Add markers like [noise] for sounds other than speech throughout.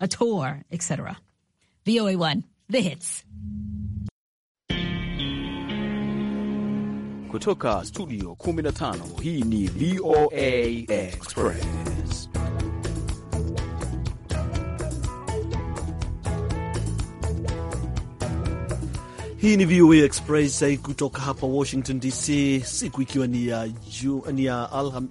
a tour, etc. VOA1, the hits. Kutoka studio 15 hii ni VOA Express. Hii ni VOA Express eh, kutoka hapa Washington DC, siku ikiwa ni ya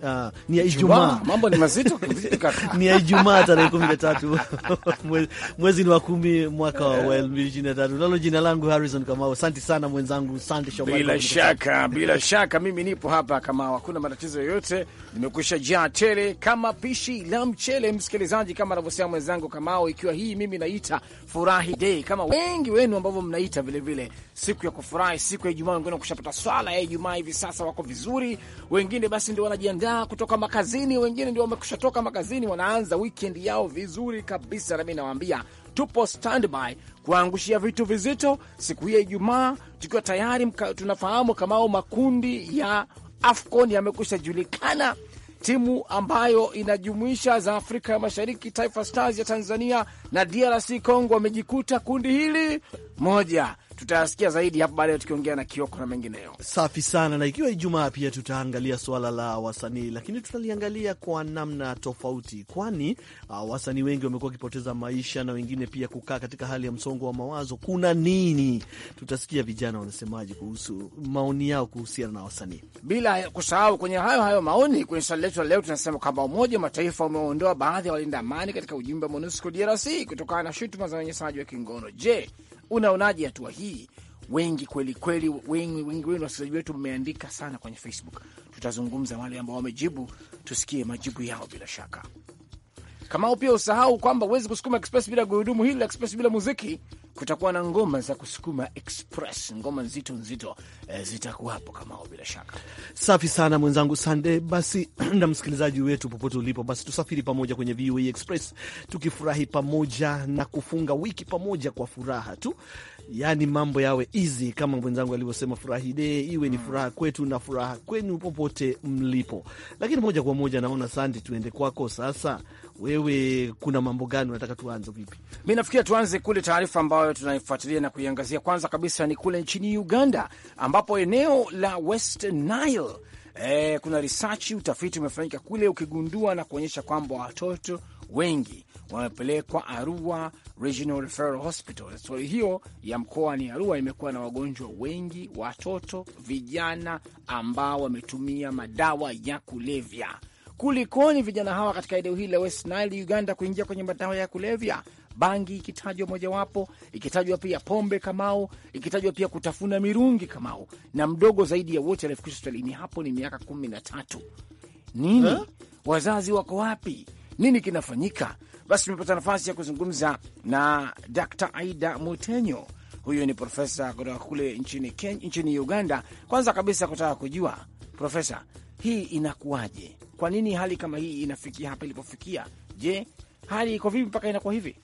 ah, Ijumaa. Mambo ni mazito, [laughs] ni ya Ijumaa tarehe kumi na tatu [laughs] mwezi ni wa kumi mwaka wa eh. elfu mbili na tatu Nalo jina langu Harrison Kamau. Asante sana mwenzangu, asante Shomari. Bila shaka, bila shaka mimi nipo hapa Kamau, hakuna matatizo yoyote limekwisha jaa tele kama pishi la mchele. Msikilizaji, kama anavyosema mwenzangu Kamao, ikiwa hii mimi naita furahi dei, kama wengi wenu ambavyo mnaita vilevile vile, siku ya kufurahi, siku ya Ijumaa. Wengine kushapata swala ya Ijumaa hivi sasa, wako vizuri, wengine basi ndio wanajiandaa kutoka makazini, wengine ndio wamekusha toka makazini, wanaanza weekend yao vizuri kabisa. Nami nawaambia tupo standby kuangushia vitu vizito siku hii ya Ijumaa, tukiwa tayari mka, tunafahamu Kamao, makundi ya AFCON yamekwisha julikana timu ambayo inajumuisha za Afrika ya Mashariki, Taifa Stars ya Tanzania na DRC Congo wamejikuta kundi hili moja tutayasikia zaidi hapo baadaye tukiongea na Kioko na mengineyo. Safi sana, na ikiwa Ijumaa pia tutaangalia suala la wasanii, lakini tutaliangalia kwa namna tofauti, kwani uh, wasanii wengi wamekuwa wakipoteza maisha na wengine pia kukaa katika hali ya msongo wa mawazo. Kuna nini? Tutasikia vijana wanasemaje kuhusu maoni yao kuhusiana na wasanii, bila kusahau kwenye hayo hayo maoni kwenye swali letu la leo tunasema kwamba Umoja wa Mataifa umeondoa baadhi ya walinda amani katika ujumbe wa MONUSCO DRC kutokana na shutuma za unyanyasaji wa kingono. Je, Unaonaje hatua hii? Wengi kweli kweli, wengi wengi wenu wasikilizaji wetu mmeandika sana kwenye Facebook. Tutazungumza wale ambao wamejibu, tusikie majibu yao bila shaka. Kamau, pia usahau kwamba huwezi kusukuma express bila gurudumu hili la express, bila muziki. Kutakuwa na ngoma za kusukuma express, ngoma nzito nzito e, eh, zitakuwapo Kamau, bila shaka. Safi sana mwenzangu Sande. Basi [clears throat] na msikilizaji wetu popote ulipo, basi tusafiri pamoja kwenye VOA e Express tukifurahi pamoja na kufunga wiki pamoja kwa furaha tu yaani mambo yawe easy kama mwenzangu alivyosema, furahide iwe ni furaha kwetu na furaha kwenu popote mlipo. Lakini moja kwa moja naona Sandi, tuende kwako sasa. Wewe kuna mambo gani unataka tuanze vipi? Mi nafikiri tuanze kule, taarifa ambayo tunaifuatilia na kuiangazia kwanza kabisa ni kule nchini Uganda, ambapo eneo la West Nile eh, kuna risachi, utafiti umefanyika kule ukigundua na kuonyesha kwamba watoto wengi wamepelekwa Arua Regional Referral Hospital. Hospitali hiyo ya mkoa ni Arua imekuwa na wagonjwa wengi, watoto, vijana ambao wametumia madawa ya kulevya. Kulikoni vijana hawa katika eneo hili la West Nile Uganda kuingia kwenye madawa ya kulevya, bangi ikitajwa mojawapo, ikitajwa pia pombe kamao ikitajwa pia kutafuna mirungi kamao na mdogo zaidi ya wote aliyefikishwa hospitalini hapo ni miaka kumi na tatu. Nini? Wazazi wako wapi? Nini kinafanyika? Basi tumepata nafasi ya kuzungumza na Dr. Aida Mutenyo, huyu ni profesa kutoka kule nchini Ken, nchini Uganda. Kwanza kabisa kutaka kujua profesa, hii inakuwaje? Kwa nini hali kama hii inafikia hapa ilipofikia? Je, hali iko vipi mpaka inakuwa hivi?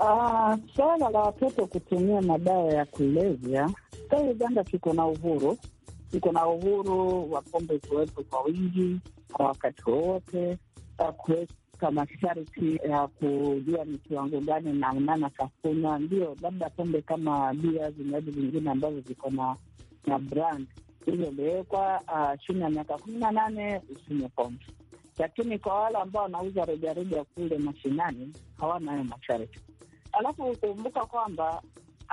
Uh, swala la watoto kutumia madawa ya kulevya ka Uganda tuko na uhuru, tuko na uhuru wa pombe kuwepo kwa wingi kwa wakati wowote, kama sharti ya kujua ni kiwango gani unana kakuna, ndio labda pombe kama bia, vinywaji vingine ambavyo viko na na brand hizo imewekwa ah, chini ya miaka kumi na nane usinywe pombe, lakini kwa wale ambao wanauza rejareja kule mashinani hawana hayo masharti. Alafu kumbuka kwamba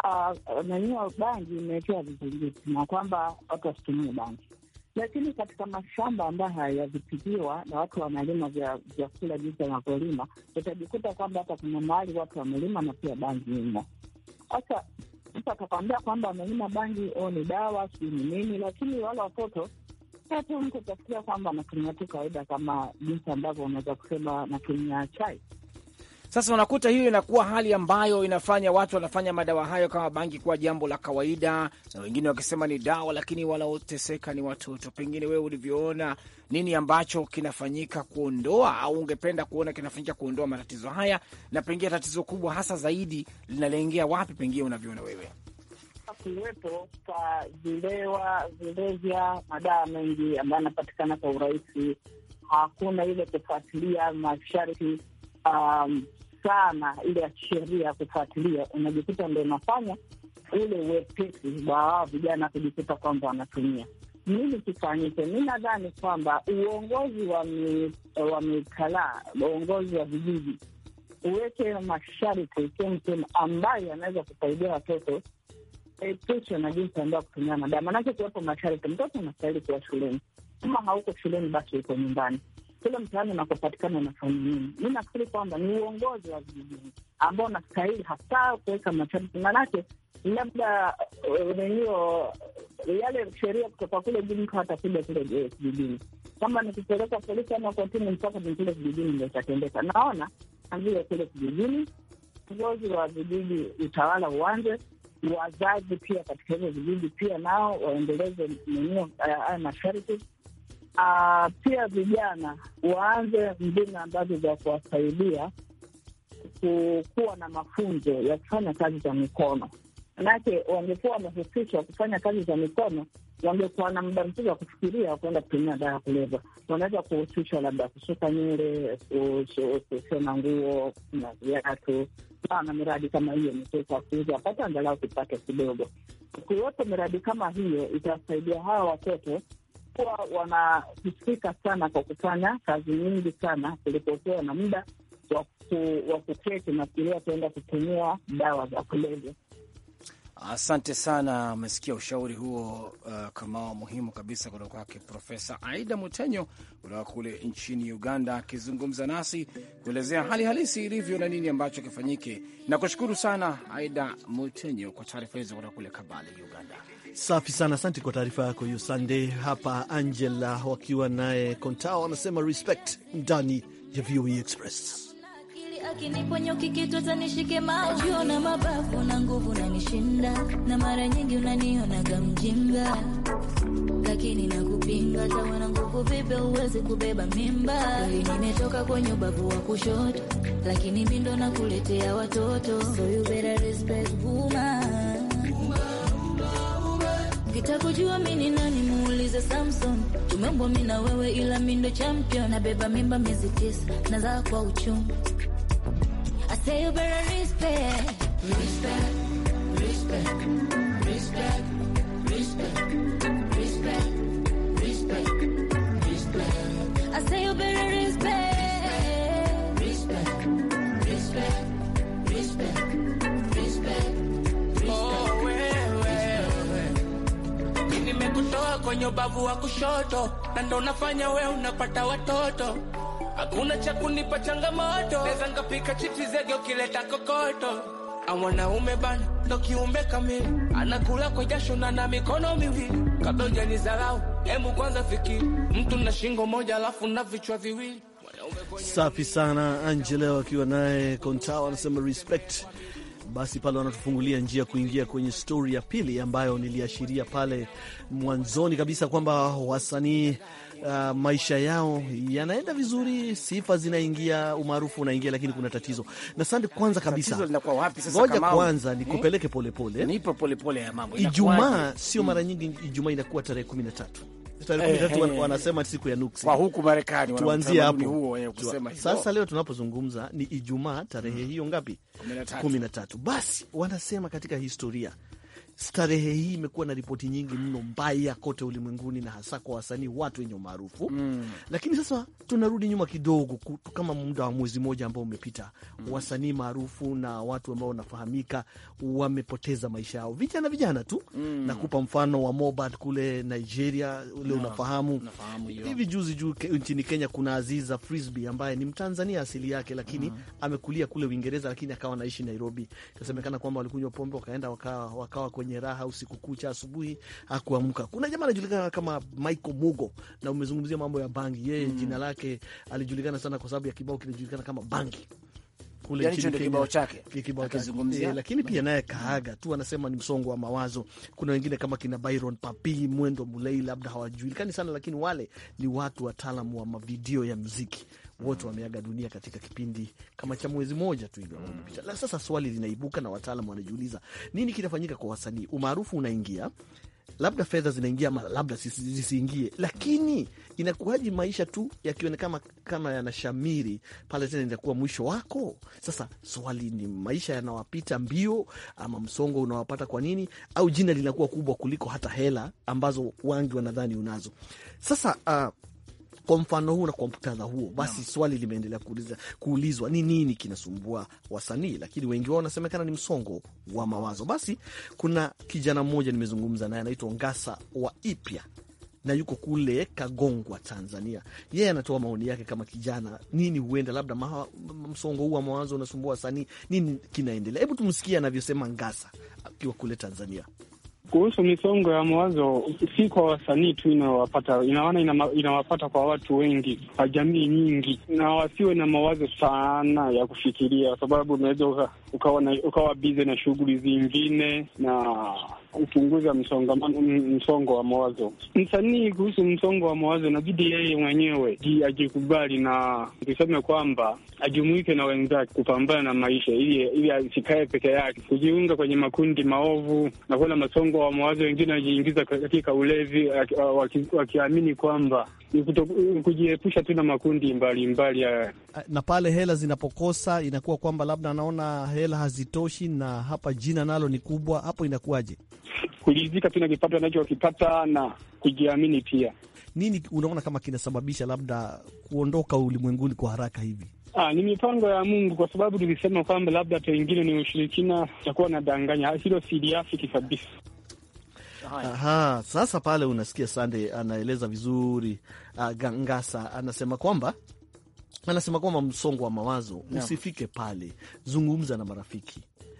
ah, nanio bangi imewekewa vizingiti na kwamba watu wasitumie bangi lakini katika mashamba ambayo hayadhibitiwa na watu wanalima vyakula jinsi wanavyolima, utajikuta kwamba hata kuna mahali watu wamelima na pia bangi imo. Sasa mtu atakwambia kwamba amelima bangi, o oh, ni dawa, sijui ni nini, lakini wale watoto tu mtu atafikiria kwamba anatumia tu kawaida, kama jinsi ambavyo unaweza kusema natumia chai sasa unakuta hiyo inakuwa hali ambayo inafanya watu wanafanya madawa hayo kama bangi kuwa jambo la kawaida, na wengine wakisema ni dawa, lakini wanaoteseka ni watoto. Pengine wewe ulivyoona, nini ambacho kinafanyika kuondoa au ungependa kuona kinafanyika kuondoa matatizo haya, na pengine tatizo kubwa hasa zaidi linalengea wapi, pengine unavyoona wewe? Kuwepo kwa vilewa, vilevya, madawa mengi ambayo yanapatikana kwa urahisi, hakuna ile kufuatilia masharti um, sana ile ya kisheria kufuatilia, unajikuta ndo unafanya ule wepesi wa wao vijana kujikuta kwamba wanatumia. Nini kifanyike? Mi nadhani kwamba uongozi wa mikalaa, uongozi wa vijiji uweke masharti kemkem ambayo yanaweza kusaidia watoto epusha na jinsi ambayo kutumia madawa, manake kuwepo masharti. Mtoto unastahili kuwa shuleni, kama hauko shuleni basi uko nyumbani kila mtaani unakopatikana unafanya nini. Mi nafikiri kwamba ni uongozi wa vijijini ambao unastahili hasa kuweka masharti, manake labda enio eh, yale sheria kutoka kule jini atakuja kule kijijini, kama nikipeleka polisi ama kotini, mpaka ni kule vijijini ndo itatendeka. Naona avile kule kijijini, uongozi wa vijiji, utawala uanze wazazi pia katika hivyo vijiji pia nao waendeleze nini eh, haya masharti Uh, pia vijana waanze mbinu ambazo za kuwasaidia kuwa na mafunzo ya kufanya kazi za mikono, manake wangekuwa wamehusishwa kufanya kazi za mikono, wangekuwa na muda mzuri wa kufikiria kuenda kutumia dawa ya kulevya. Wanaweza kuhusishwa labda kusuka nywele, kushona nguo na viatu, aa, na miradi kama hiyo mikuka kuuza, wapate angalau kipato kidogo. Siku miradi kama hiyo itawasaidia hawa watoto kuwa wanahusika sana kwa kufanya kazi nyingi sana kulipokuwa na muda wa kuketi na kuenda kutumia dawa za kulevya. Asante sana, umesikia ushauri huo uh, kama muhimu kabisa kutoka kwake Profesa Aida Mutenyo kutoka kule nchini Uganda, akizungumza nasi kuelezea hali halisi ilivyo na nini ambacho kifanyike. Na kushukuru sana Aida Mutenyo kwa taarifa hizo kutoka kule Kabale, Uganda. Safi sana, asante kwa taarifa yako hiyo Sande. Hapa Angela wakiwa naye Kontao anasema respect ndani ya VOA e Express. Akiniponya kikitweza nishike macho na mabavu na nguvu na nishinda, na mara nyingi unaniona gamjinga, lakini nakupinga tawa na nguvu, vipe uweze kubeba mimba? Kweli nimetoka kwenye ubavu wa kushoto, lakini mimi ndo nakuletea watoto, so you better respect woman. Kitakujua mimi nani muulize Samson. Tumeumbwa mimi na wewe, ila mimi ndo champion. Nabeba mimba miezi tisa, na za kwa uchungu Say you better respect. Respect, respect, respect, respect, respect, respect, I say you better respect. Respect, respect, respect, respect, respect. Oh, wewe. Nimekutoa kwenye ubavu wa kushoto na ndo unafanya wewe unapata watoto hakuna cha kunipa changamoto, naweza ngapika chipsi zege ukileta kokoto. Mwanaume bana ndo kiumbe kamili, anakula kwa jasho na na mikono miwili. ni hujanizarau, hebu kwanza fikiri, mtu na shingo moja alafu na vichwa viwili. Safi sana. Angelo akiwa naye Kontao anasema respect. Basi pale wanatufungulia njia kuingia kwenye stori ya pili ambayo niliashiria pale mwanzoni kabisa kwamba wasanii uh, maisha yao yanaenda vizuri, sifa zinaingia, umaarufu unaingia, lakini kuna tatizo. Na sande, kwanza kabisa ngoja kwanza eh? nikupeleke polepole, nipo polepole ya mambo. Ijumaa sio mm. mara nyingi, Ijumaa inakuwa tarehe kumi na tatu wanasema siku ya nuksi kwa huku Marekani, tuanzie hapo sasa. Leo tunapozungumza ni Ijumaa tarehe mm. hiyo ngapi? kumi na tatu. Basi wanasema katika historia starehe hii imekuwa na ripoti nyingi mno mbaya kote ulimwenguni, na hasa kwa wasanii, watu wenye umaarufu mm. Lakini sasa tunarudi nyuma kidogo, kama muda wa mwezi mmoja ambao umepita mm. Wasanii maarufu na watu ambao wanafahamika wamepoteza maisha yao, vijana vijana tu mm. na kupa mfano wa Mobad kule Nigeria ule no, unafahamu hivi juzi juu ke, nchini Kenya kuna Aziza Frisby ambaye ni Mtanzania asili yake, lakini mm. amekulia kule Uingereza, lakini akawa naishi Nairobi. Ikasemekana kwamba walikunywa pombe wakaenda wakawa waka, waka, kwenye raha usiku kucha, asubuhi akuamka, Kuna jamaa anajulikana kama Michael Mugo, na umezungumzia mambo ya bangi. Yeye mm. jina lake alijulikana sana kwa sababu ya kibao kilijulikana kama bangi kule yani kibao chake kibao chake, eh, lakini pia naye kaaga tu, anasema ni msongo wa mawazo. Kuna wengine kama kina Byron Papi, Mwendo Mulei, labda hawajulikani sana, lakini wale ni watu wataalamu wa mavideo ya muziki wote wameaga dunia katika kipindi kama cha mwezi moja tu hivyo uliopita. Na sasa swali linaibuka na wataalamu wanajiuliza nini kinafanyika kwa wasanii? Umaarufu unaingia labda fedha zinaingia, labda zisiingie, lakini inakuwaji maisha tu yakionekana kama yanashamiri pale, tena inakuwa mwisho wako. Sasa swali ni maisha yanawapita mbio, ama msongo unawapata kwa nini, au jina linakuwa kubwa kuliko hata hela ambazo wangi wanadhani unazo. Sasa uh, kwa mfano huu na kwa muktadha huo, basi yeah. Swali limeendelea kuulizwa, ni nini kinasumbua wasanii? Lakini wengi wao wanasemekana ni msongo wa mawazo. Basi kuna kijana mmoja nimezungumza naye, anaitwa Ngasa wa Ipya na yuko kule Kagongwa, Tanzania. Yeye anatoa maoni yake kama kijana, nini huenda labda maha, msongo huu wa mawazo unasumbua wasanii, nini kinaendelea? Hebu tumsikie anavyosema Ngasa akiwa kule Tanzania. Kuhusu misongo ya mawazo, si kwa wasanii tu inawapata, inaona inawapata kwa watu wengi, kwa jamii nyingi, na wasiwe na mawazo sana ya kufikiria, kwa sababu unaweza ukawa ukawa bize na shughuli zingine na hupunguza msongamano, msongo wa mawazo. Msanii kuhusu msongo wa mawazo, inabidi yeye mwenyewe ajikubali na kuseme kwamba ajumuike na wenzake kupambana na maisha, ili ili asikae peke yake, kujiunga kwenye makundi maovu na kuwa na msongo wa mawazo. Wengine wajiingiza katika ulevi wakiamini kwamba kujiepusha tu na makundi mbalimbali mbali, ah, na pale hela zinapokosa inakuwa kwamba labda anaona hela hazitoshi, na hapa jina nalo ni kubwa, hapo inakuwaje? kuridhika tu na kipato anachokipata na kujiamini pia. Nini unaona kama kinasababisha labda kuondoka ulimwenguni kwa haraka hivi? Ah, ni mipango ya Mungu kwa sababu tulisema kwamba labda pengine ni ushirikina, takuwa nadanganya, hilo siliafiki kabisa. Aha, sasa pale unasikia Sande anaeleza vizuri. Uh, Gangasa anasema kwamba anasema kwamba msongo wa mawazo usifike pale, zungumza na marafiki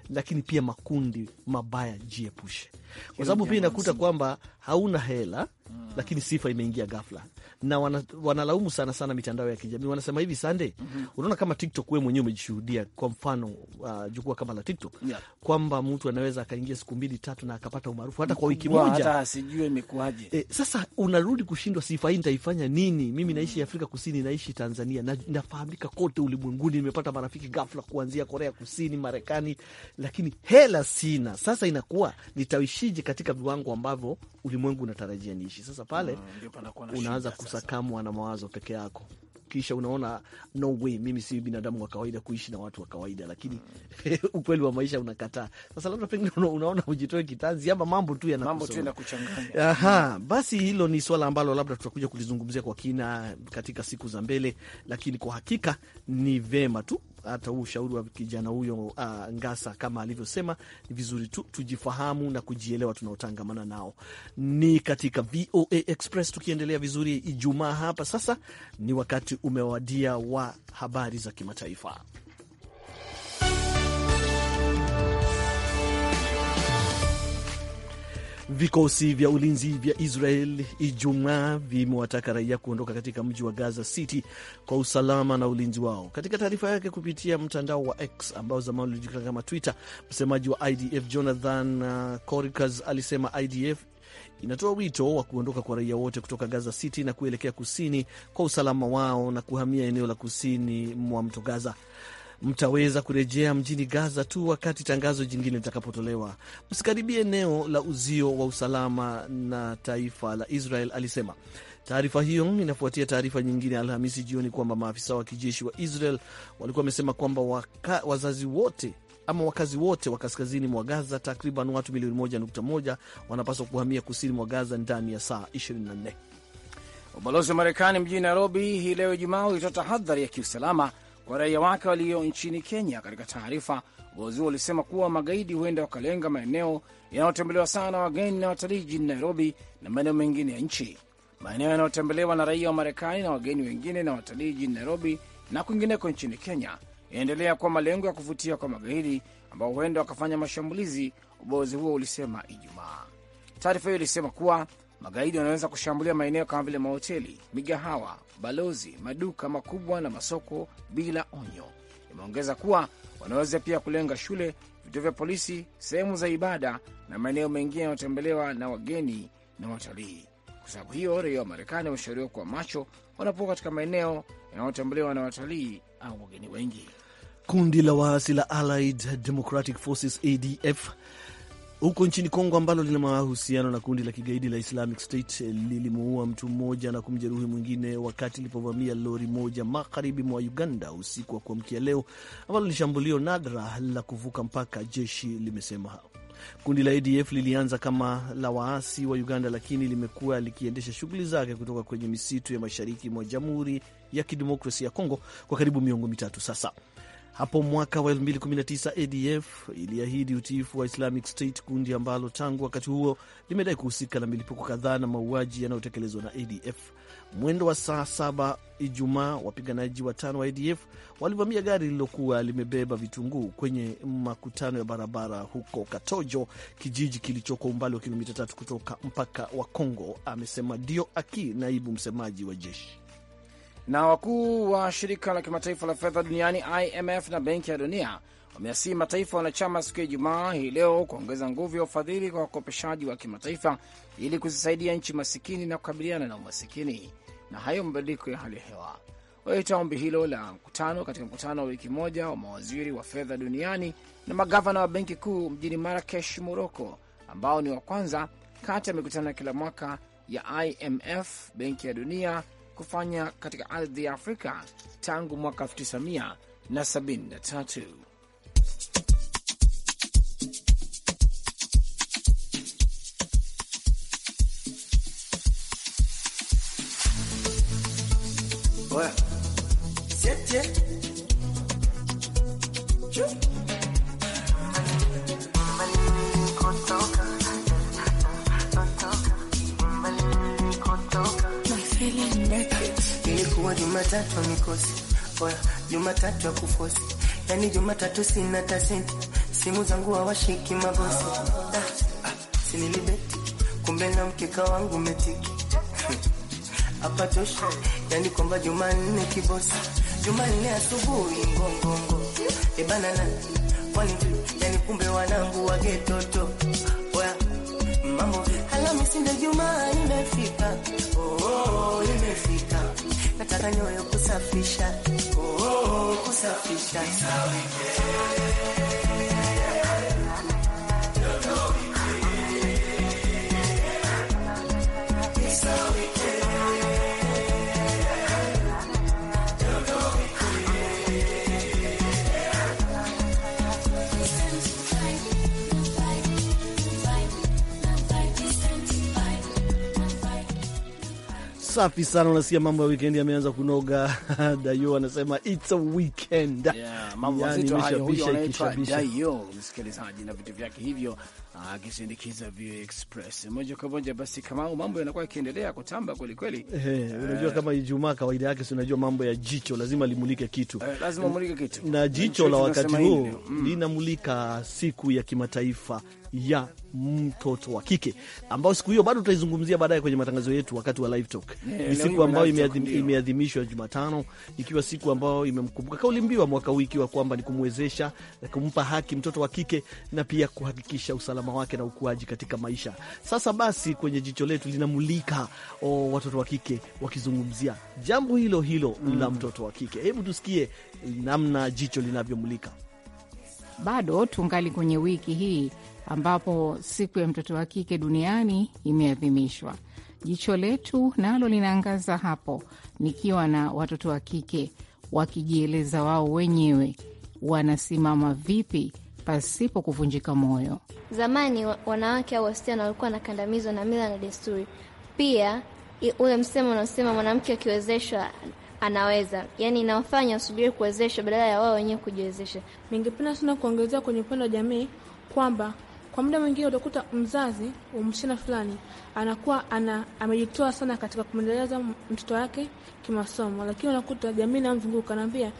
lakini pia makundi mabaya jiepushe, kwa sababu pia inakuta kwamba hauna hela mm. Lakini sifa imeingia ghafla na wana, wanalaumu sana sana mitandao ya kijamii wanasema hivi sande mm -hmm. Unaona kama TikTok wewe mwenyewe umejishuhudia kwa mfano uh, jukua kama la TikTok yeah. Kwamba mtu anaweza akaingia siku mbili tatu na akapata umaarufu hata kwa wiki moja hata sijui imekuaje. E, eh, sasa unarudi kushindwa, sifa hii nitaifanya nini mimi? mm. -hmm. Naishi Afrika Kusini, naishi Tanzania na, nafahamika kote ulimwenguni, nimepata marafiki ghafla kuanzia Korea Kusini, Marekani, lakini hela sina. Sasa inakuwa nitawishije katika viwango ambavyo ulimwengu unatarajia niishi. Sasa pale mm, unaanza kusakamwa na mawazo peke yako, kisha unaona no way, mimi si binadamu wa kawaida kuishi na watu wa kawaida, lakini mm, [laughs] ukweli wa maisha unakataa. Sasa labda pengine unaona ujitoe kitanzi ama mambo tu yanakuchanganya. Aha, basi hilo ni swala ambalo labda tutakuja kulizungumzia kwa kina katika siku za mbele, lakini kwa hakika ni vema tu hata huu ushauri wa kijana huyo uh, Ngasa kama alivyosema, ni vizuri tu tujifahamu na kujielewa tunaotangamana nao. Ni katika VOA Express tukiendelea vizuri Ijumaa hapa sasa, ni wakati umewadia wa habari za kimataifa. Vikosi vya ulinzi vya Israel Ijumaa vimewataka raia kuondoka katika mji wa Gaza City kwa usalama na ulinzi wao. Katika taarifa yake kupitia mtandao wa X ambao zamani ulijulikana kama Twitter, msemaji wa IDF Jonathan uh, Coricas alisema IDF inatoa wito wa kuondoka kwa raia wote kutoka Gaza City na kuelekea kusini kwa usalama wao na kuhamia eneo la kusini mwa mto Gaza mtaweza kurejea mjini Gaza tu wakati tangazo jingine litakapotolewa. Msikaribie eneo la uzio wa usalama na taifa la Israel, alisema. Taarifa hiyo inafuatia taarifa nyingine Alhamisi jioni kwamba maafisa wa kijeshi wa Israel walikuwa wamesema kwamba waka, wazazi wote ama wakazi wote wa kaskazini mwa Gaza, takriban watu milioni 1.1 wanapaswa kuhamia kusini mwa Gaza ndani ya saa 24. Ubalozi wa Marekani mjini Nairobi hii leo Ijumaa ulitoa tahadhari ya kiusalama kwa raia wake walio nchini Kenya. Katika taarifa, ubalozi huo ulisema kuwa magaidi huenda wakalenga maeneo yanayotembelewa sana na wageni na watalii jijini Nairobi na maeneo mengine ya nchi. Maeneo yanayotembelewa na raia wa Marekani na wageni wengine na watalii jijini Nairobi na kwingineko nchini Kenya yaendelea kuwa malengo ya kuvutia kwa magaidi ambao huenda wakafanya mashambulizi, ubalozi huo ulisema Ijumaa. Taarifa hiyo ilisema kuwa magaidi wanaweza kushambulia maeneo kama vile mahoteli, migahawa, balozi, maduka makubwa na masoko bila onyo. Imeongeza kuwa wanaweza pia kulenga shule, vituo vya polisi, sehemu za ibada na maeneo mengine yanayotembelewa na wageni na watalii. Kwa sababu hiyo, raia wa Marekani wameshauriwa kuwa macho wanapokuwa katika maeneo yanayotembelewa na watalii au wageni wengi. Kundi la waasi la Allied Democratic Forces ADF huko nchini Kongo ambalo lina mahusiano na kundi la kigaidi la Islamic State eh, lilimuua mtu mmoja na kumjeruhi mwingine wakati ilipovamia lori moja magharibi mwa Uganda usiku wa kuamkia leo, ambalo ni shambulio nadra la kuvuka mpaka, jeshi limesema. Kundi la ADF lilianza kama la waasi wa Uganda, lakini limekuwa likiendesha shughuli zake kutoka kwenye misitu ya mashariki mwa Jamhuri ya Kidemokrasia ya Kongo kwa karibu miongo mitatu sasa. Hapo mwaka wa 2019 ADF iliahidi utiifu wa Islamic State, kundi ambalo tangu wakati huo limedai kuhusika na milipuko kadhaa na mauaji yanayotekelezwa na ADF. Mwendo wa saa saba Ijumaa, wapiganaji watano wa ADF walivamia gari lililokuwa limebeba vitunguu kwenye makutano ya barabara huko Katojo, kijiji kilichoko umbali wa kilomita tatu kutoka mpaka wa congo amesema Dio Aki, naibu msemaji wa jeshi. Na wakuu wa shirika la kimataifa la fedha duniani IMF na benki ya dunia wameasii mataifa wanachama siku ya Ijumaa hii leo kuongeza nguvu ya ufadhili kwa wakopeshaji wa kimataifa ili kuzisaidia nchi masikini na kukabiliana na umasikini na hayo mabadiliko ya hali ya hewa. waita ombi hilo la mkutano katika mkutano wa wiki moja wa mawaziri wa fedha duniani na magavana wa benki kuu mjini Marakesh, Moroko, ambao ni wa kwanza kati ya mikutano ya kila mwaka ya IMF, benki ya dunia kufanya katika ardhi ya Afrika tangu mwaka 1973. Well. Nilipigwa Jumatatu mikosi, oya Jumatatu ya kufosi, yani Jumatatu sina tasenti, simu zangu hawashiki mabosi. Ah, ah, sinilibeti kumbe na mkeka wangu metiki [laughs] hapa tosha, yani kwamba Jumanne kibosi, Jumanne asubuhi ngongongo ebana eh, na kwani, yani kumbe wanangu wagetoto oya mambo Alhamisi ndio Jumaa imefika, oh, oh, imefika nataka nyoyo kusafisha, oh, oh, kusafisha Safi sana, unasikia mambo ya weekend yameanza kunoga. [laughs] Dayo anasema it's a weekend, msikilizaji, na vitu vyake hivyo ah, akisindikiza VOA Express moja kwa moja. Basi Kamau, mambo yanakuwa yakiendelea kutamba kwelikweli. Eh. Unajua kama Ijumaa kawaida yake, si unajua mambo ya jicho lazima limulike kitu, eh, lazima mulike kitu, na jicho la wakati huu mm. linamulika siku ya kimataifa ya mtoto wa kike, ambao siku hiyo bado tutaizungumzia baadaye kwenye matangazo yetu wakati wa live talk. Eh, ni siku ambayo imeadhimishwa Jumatano, ikiwa siku ambayo imemkumbuka kauli mbiu ya mwaka huu ikiwa kwamba ni kumwezesha, kumpa haki mtoto wa kike na pia kuhakikisha usalama wake na ukuaji katika maisha. Sasa basi, kwenye jicho letu linamulika oh, watoto wa kike wakizungumzia jambo hilo hilo mm, la mtoto wa kike. Hebu tusikie namna jicho linavyomulika. Bado tungali kwenye wiki hii ambapo siku ya mtoto wa kike duniani imeadhimishwa. Jicho letu nalo linaangaza hapo, nikiwa na watoto wa kike wakijieleza wao wenyewe wanasimama vipi pasipo kuvunjika moyo. Zamani wanawake au wasichana walikuwa wanakandamizwa na mila na desturi. Pia ule msemo unaosema mwanamke akiwezeshwa anaweza, yani inawafanya wasubiri kuwezeshwa badala ya wao wenyewe kujiwezesha. Ningependa sana kuongezea kwenye upande wa jamii kwamba kwa muda mwingine utakuta mzazi msichana fulani anakuwa ana, amejitoa sana katika kumwendeleza mtoto wake kimasomo, lakini unakuta jamii inamzunguka anaambia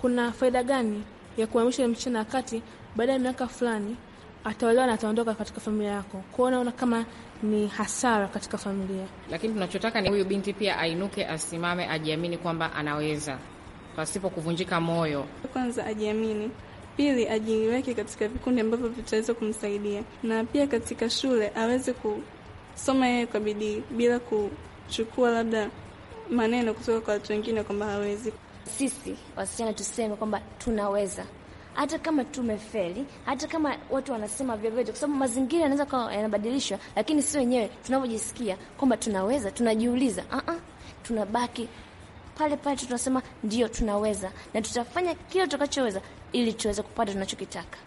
kuna faida gani ya kuhamisha msichana wakati baada ya miaka fulani ataolewa na ataondoka katika familia yako. Kwao unaona kama ni hasara katika familia, lakini tunachotaka ni huyu binti pia ainuke, asimame, ajiamini kwamba anaweza pasipo kuvunjika moyo. Kwanza ajiamini Pili, ajiweke katika vikundi ambavyo vitaweza kumsaidia, na pia katika shule aweze kusoma yeye kwa bidii bila kuchukua labda maneno kutoka kwa watu wengine kwamba hawezi. Sisi wasichana tuseme kwamba tunaweza, hata kama tumefeli, hata kama watu wanasema vyovyote, kwa sababu mazingira yanaweza kuwa yanabadilishwa, lakini si wenyewe tunavyojisikia kwamba tunaweza, tunajiuliza uh -uh, tunabaki pale pale, tunasema ndio tunaweza, na tutafanya kile tutakachoweza ili tuweze kupata tunachokitaka.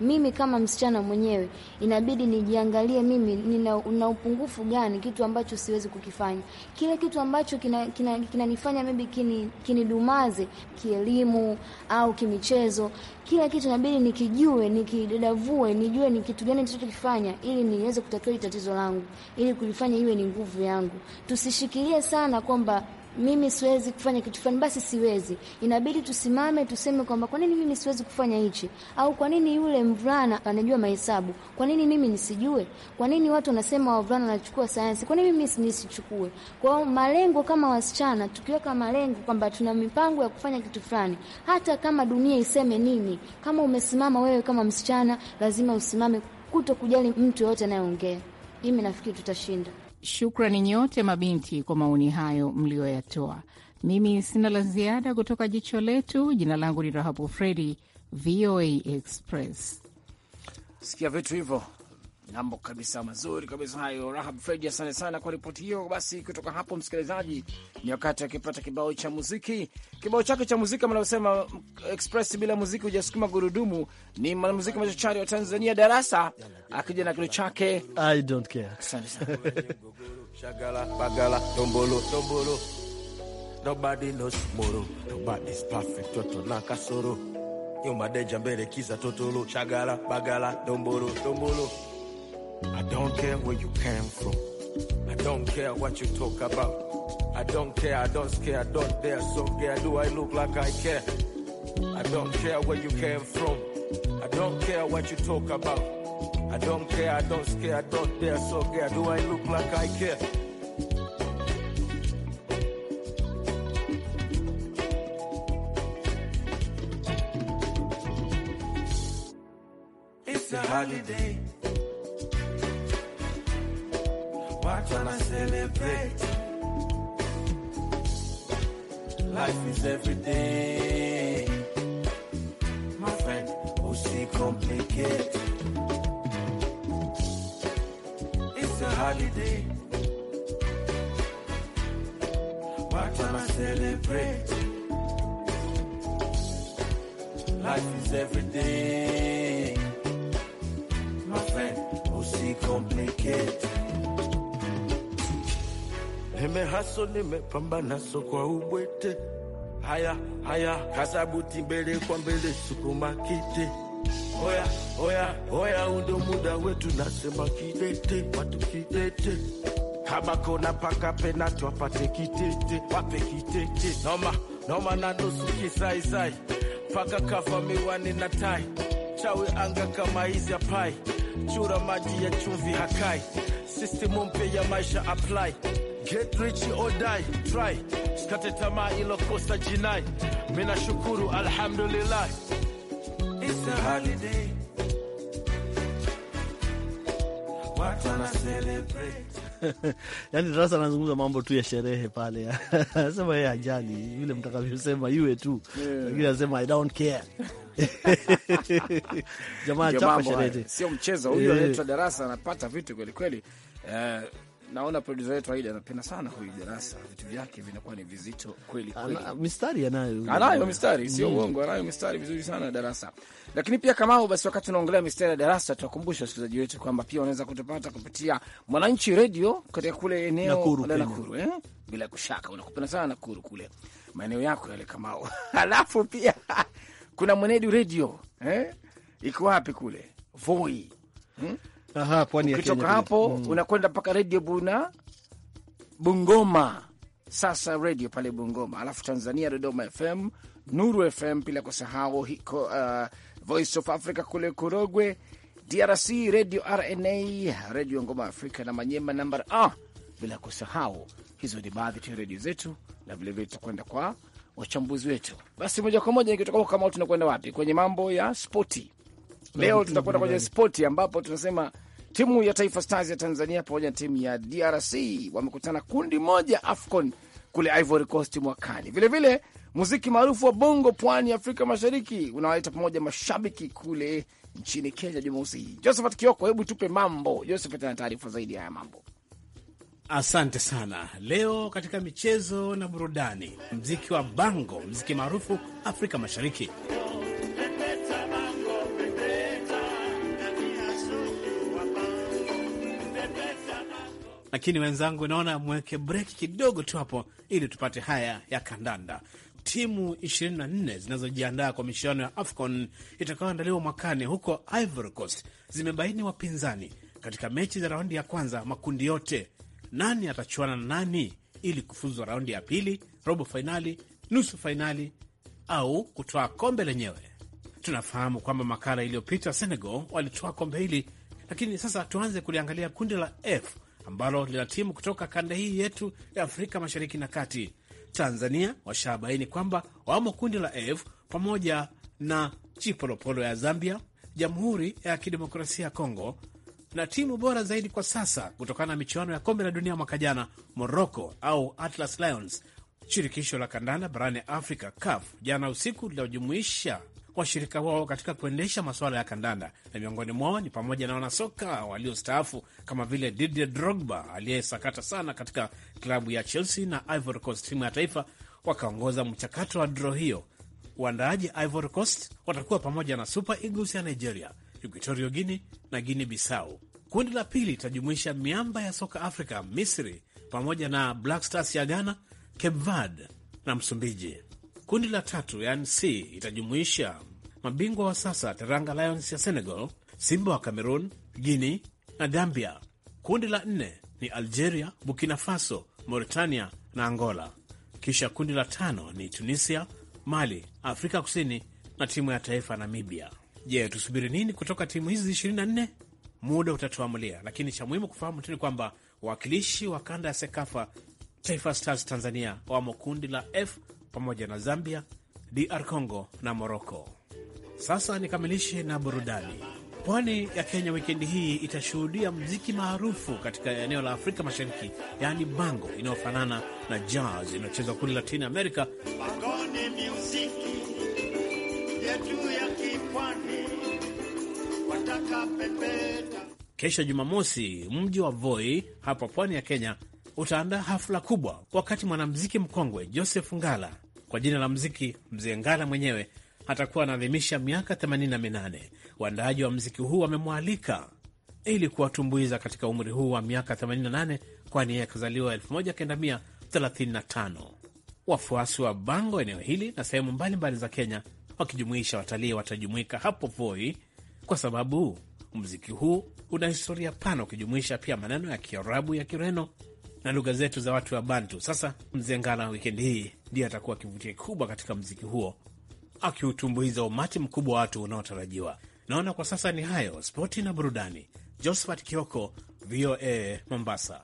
Mimi kama msichana mwenyewe inabidi nijiangalie mimi nina, una upungufu gani, kitu ambacho siwezi kukifanya, kile kitu ambacho kinanifanya kina, kina kinidumaze kini kinidumaze kielimu au kimichezo. Kila kitu inabidi nikijue, nikidadavue, nijue ni kitu gani ninachokifanya, ili niweze kutatua hili tatizo langu, ili kulifanya iwe ni nguvu yangu. Tusishikilie sana kwamba mimi siwezi kufanya kitu fulani, basi siwezi. Inabidi tusimame tuseme kwamba kwa nini mimi siwezi kufanya hichi, au kwa nini yule mvulana anajua mahesabu, kwa nini mimi nisijue? Kwa nini watu wanasema wavulana wanachukua sayansi, kwa nini mimi nisichukue? Kwa hiyo malengo kama wasichana, tukiweka malengo kwamba tuna mipango ya kufanya kitu fulani, hata kama dunia iseme nini, kama umesimama wewe kama msichana, lazima usimame, kuto kujali mtu yoyote anayeongea. Mimi nafikiri tutashinda. Shukrani nyote mabinti kwa maoni hayo mliyoyatoa. Mimi sina la ziada kutoka jicho letu. Jina langu ni Rahabu Fredi, VOA Express. Sikia vitu hivyo Mambo kabisa mazuri kabisa hayo, Rahab Fred, asante sana kwa ripoti hiyo. Basi kutoka hapo, msikilizaji, ni wakati akipata kibao cha muziki. Kibao chake cha muziki anavyosema eh, express bila muziki hujasukuma gurudumu, ni mwanamuziki machachari wa Tanzania Darasa akija na kilo chake I don't care. Asante sana nyuma deja mbele kiza totolo bagala I don't care where you came from. I don't care what you talk about. I don't care, I don't care, I don't dare. So care, do I look like I care? I don't care where you came from. I don't care what you talk about. I don't care, I don't care, I don't dare. So care, do I look like I care? It's a holiday. celebrate. Life is every day. My friend, oh, she complicate. It's a holiday. Why can't I celebrate? Life is every day. nimehaso nimepambana so kwa ubwete haya haya kasabuti mbele kwa mbele sukuma kite oya oya oya undo muda wetu nasema kitete watu kitete kama kona paka penati wapate kitete wape kitete noma noma na nusu kisaisai paka kafa miwani na tai chawi anga kama hizi apai chura maji ya chumvi hakai sistimu mpya ya maisha apply Get rich or die, try. Sikate tamaa kosa jinai. Mina shukuru alhamdulillah. It's a holiday. Watu wana celebrate. [laughs] yani Darasa anazungumza mambo tu ya sherehe pale, anasema [laughs] yeye ajali vile mtakavyosema iwe tu, lakini anasema I don't care. [laughs] Jamaa chapa sherehe, sio mchezo huyo. Eh. Anaitwa Darasa, anapata vitu kweli kweli. Eh, naona producer wetu Aida anapenda sana huyu darasa, vitu vyake vinakuwa ni vizito kweli kweli. Ana, mistari anayo, anayo mistari, sio uongo, anayo mistari vizuri sana darasa. Lakini pia Kamau, basi wakati unaongelea mistari ya darasa, tuwakumbusha wasikilizaji wetu kwamba pia wanaweza kutupata kupitia Mwananchi Redio katika kule eneo la Nakuru, eh, bila kushaka unakupenda sana Nakuru kule maeneo yako yale Kamau. [laughs] Alafu pia [laughs] kuna Mwenedu Redio eh, iko wapi kule Voi, hmm? Aha, pwani ya Kenya. Ukitoka hapo mm, unakwenda mpaka redio Buna Bungoma, sasa redio pale Bungoma, alafu Tanzania Dodoma FM, Nuru FM, bila kusahau hiko, uh, Voice of Africa kule Korogwe, DRC redio RNA, redio Ngoma Afrika na Manyema namba ah, bila kusahau hizo ni baadhi tu ya redio zetu, na vilevile tutakwenda kwa wachambuzi wetu. Basi moja kwa moja nikitoka kama tunakwenda wapi? Kwenye mambo ya spoti leo, tutakwenda kwenye spoti ambapo tunasema timu ya Taifa Stars ya Tanzania pamoja na timu ya DRC wamekutana kundi moja AFCON kule Ivory Coast mwakani. Vilevile muziki maarufu wa bongo pwani ya Afrika Mashariki unawaleta pamoja mashabiki kule nchini Kenya Jumamosi hii. Josephat Kioko, hebu tupe mambo. Josephat ana taarifa zaidi ya haya mambo. Asante sana. Leo katika michezo na burudani, mziki wa bango, mziki maarufu Afrika Mashariki lakini wenzangu, naona mweke breki kidogo tu hapo, ili tupate haya ya kandanda. Timu 24 zinazojiandaa kwa michuano ya AFCON itakayoandaliwa mwakani huko Ivory Coast zimebaini wapinzani katika mechi za raundi ya kwanza makundi yote. Nani atachuana na nani ili kufuzwa raundi ya pili, robo fainali, nusu fainali au kutoa kombe lenyewe? Tunafahamu kwamba makala iliyopita Senegal walitoa kombe hili, lakini sasa tuanze kuliangalia kundi la F ambalo lina timu kutoka kanda hii yetu ya Afrika Mashariki na Kati. Tanzania washabaini kwamba wamo kundi la F pamoja na Chipolopolo ya Zambia, Jamhuri ya Kidemokrasia ya Kongo na timu bora zaidi kwa sasa kutokana na michuano ya kombe la dunia mwaka jana, Morocco au Atlas Lions. Shirikisho la kandanda barani Afrika, CAF, jana usiku linaojumuisha washirika wao katika kuendesha masuala ya kandanda, na miongoni mwao ni pamoja na wanasoka waliostaafu kama vile Didier Drogba aliyesakata sana katika klabu ya Chelsea na Ivory Coast, timu ya taifa wakaongoza mchakato wa dro hiyo. uandaaji Ivory Coast watakuwa pamoja na Super Eagles ya Nigeria, Equatorial Guinea na Guinea Bissau. Kundi la pili litajumuisha miamba ya soka Afrika, Misri pamoja na Black Stars ya Ghana, Cape Verde na Msumbiji. Kundi la tatu, yaani C, itajumuisha mabingwa wa sasa Teranga Lions ya Senegal, Simba wa Cameroon, Guinea na Gambia. Kundi la nne ni Algeria, Burkina Faso, Mauritania na Angola. Kisha kundi la tano ni Tunisia, Mali, Afrika Kusini na timu ya taifa Namibia. Je, tusubiri nini kutoka timu hizi 24? Muda utatuamulia, lakini cha muhimu kufahamu tu ni kwamba wawakilishi wa kanda ya SEKAFA Taifa Stars Tanzania wamo kundi la F pamoja na Zambia, DR Congo na Moroko. Sasa nikamilishe na burudani. Pwani ya Kenya wikendi hii itashuhudia mziki maarufu katika eneo la Afrika Mashariki, yaani bango, inayofanana na jazz inayochezwa kule Latin America. Bangoni muziki yetu ya kipwani wataka pepeta. Kesho Jumamosi, mji wa Voi hapa pwani ya Kenya utaandaa hafla kubwa, wakati mwanamziki mkongwe Joseph Ngala kwa jina la mziki Mzee Ngala mwenyewe atakuwa anaadhimisha miaka 88. Waandaaji wa mziki huu wamemwalika ili kuwatumbuiza katika umri huu wa miaka 88, kwani yeye akazaliwa 1935. Wafuasi wa bango eneo hili na sehemu mbalimbali za Kenya wakijumuisha watalii watajumuika hapo Voi kwa sababu mziki huu una historia pana, ukijumuisha pia maneno ya Kiarabu ya Kireno na lugha zetu za watu wa Bantu. Sasa Mzee Ngana wikendi hii ndiye atakuwa kivutio kikubwa katika mziki huo, akiutumbuiza umati mkubwa wa watu unaotarajiwa. Naona kwa sasa ni hayo, spoti na burudani. Josephat Kioko, VOA Mombasa.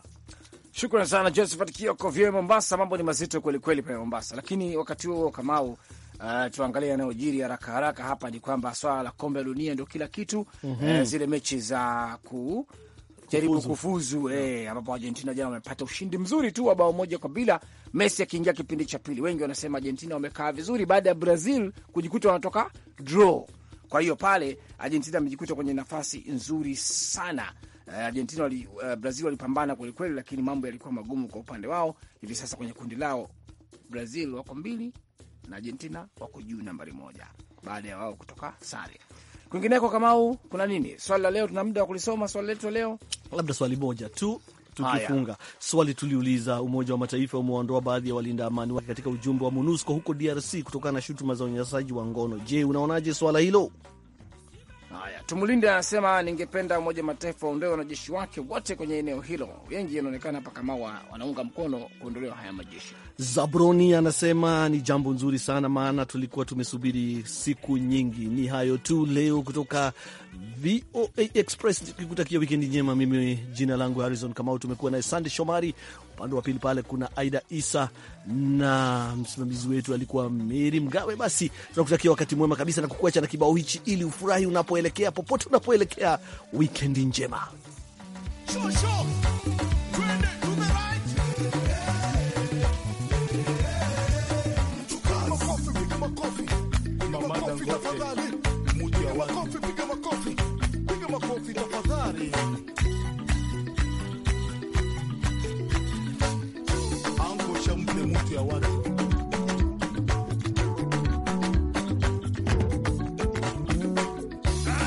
Shukran sana Josephat Kioko, VOA Mombasa. Mambo ni mazito kwelikweli pale Mombasa, lakini wakati huo Kamau, Uh, tuangalie yanayojiri haraka haraka hapa. Ni kwamba swala la kombe la dunia ndio kila kitu. mm -hmm. Uh, zile mechi za ku jaribu kufuzu eh, ambapo Argentina jana wamepata ushindi mzuri tu wa bao moja kwa bila, Messi akiingia kipindi cha pili. Wengi wanasema Argentina wamekaa vizuri baada ya Brazil kujikuta wanatoka draw. Kwa hiyo pale Argentina amejikuta kwenye nafasi nzuri sana. Eh, Argentina wali, uh, Brazil walipambana kwelikweli, lakini mambo yalikuwa magumu kwa upande wao. Hivi sasa kwenye kundi lao Brazil wako mbili na Argentina wako juu nambari moja baada ya wao kutoka sare. Kwingineko Kamau, kuna nini swali la leo? Tuna muda wa kulisoma swali letu leo, labda swali moja tu tukifunga swali tuliuliza, Umoja wa Mataifa umeondoa baadhi ya walinda amani wake katika ujumbe wa MONUSCO huko DRC kutokana na shutuma za unyanyasaji wa ngono. Je, unaonaje swala hilo? Haya, Tumulinde anasema ningependa Umoja Mataifa waondoe wanajeshi wake wote kwenye eneo hilo. Wengi wanaonekana hapa kama wanaunga mkono kuondolewa haya majeshi. Zabroni anasema ni jambo nzuri sana, maana tulikuwa tumesubiri siku nyingi. Ni hayo tu leo kutoka VOA Express, nikikutakia wikendi njema. Mimi jina langu Harrison Kamau, tumekuwa naye Sande Shomari Upande wa pili pale kuna Aida Isa na msimamizi wetu alikuwa Meri Mgawe. Basi tunakutakia wakati mwema kabisa na kukuacha na kibao hichi ili ufurahi unapoelekea popote unapoelekea. Wikendi njema. Shoo, shoo.